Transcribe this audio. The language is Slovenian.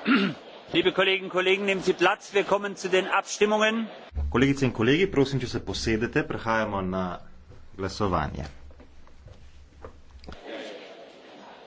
kolegice in kolegi prosim če se posedete prehajamo na glasovanje.